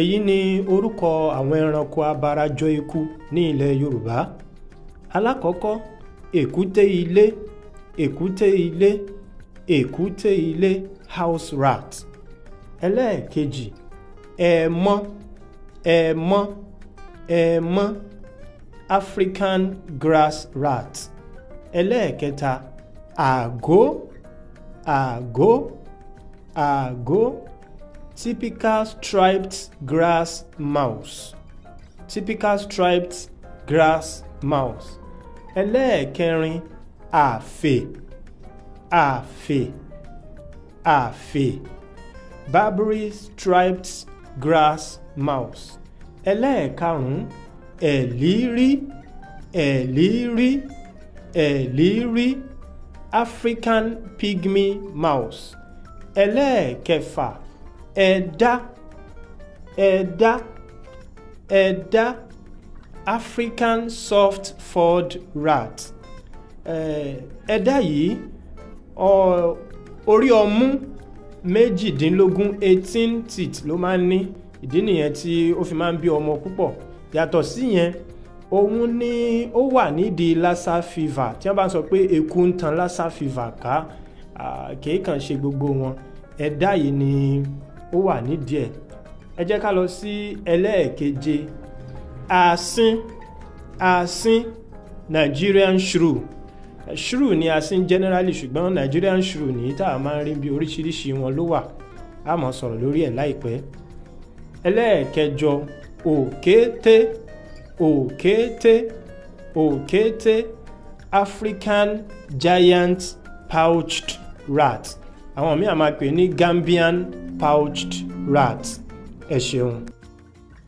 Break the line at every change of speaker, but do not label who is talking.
èyí ni orúkọ àwọn ẹranko abarajọ ikú ní ilẹ̀ yorùbá alákọ̀ọ́kọ́ èkúté ilé èkúté ilé èkúté ilé house rat ẹlẹ́ẹ̀kejì ẹ̀ẹ̀mọ́ ẹ̀ẹ̀mọ́ ẹ̀ẹ̀mọ́ african grass rat ẹlẹ́ẹ̀kẹta àgó àgó àgó typical striped grass mouse typical striped grass mouse ẹlẹ́ẹ̀kẹrin àfè àfè àfè Barbary striped grass mouse ẹlẹ́ẹ̀karùn-ún ẹ̀lírí ẹ̀lírí ẹ̀lírí African pygmy mouse ẹlẹ́ẹ̀kẹfà ẹ̀dá ẹ̀dá ẹ̀dá African soft furred rat ẹ̀dá yìí orí ọmú méjìdínlógún eighteen teeth ló máa ń ní ìdí nìyẹn tí ó fi máa ń bí ọmọ púpọ̀ yàtọ̀ síyẹn òun ni ó wà nídìí lassa fever tí wọ́n bá sọ pé eku ń tan lassa fever ká kìí kàn ṣe gbogbo wọn ẹ̀dá yìí ni ó wà nídìí ẹ̀ ẹ jẹ́ ká lọ sí ẹlẹ́ẹ̀keje àsín àsín Nigerian shrew shrew ni àsín generally ṣùgbọ́n Nigerian shrew ní tá a máa ń rí bí oríṣiríṣi wọn ló wà a máa sọ̀rọ̀ lórí ẹ̀ láìpẹ́ ẹlẹ́ẹ̀kẹjọ òkété òkété òkété African giant pouched rat àwọn míì a máa pè ní Gambian pouched rat ẹ ṣeun.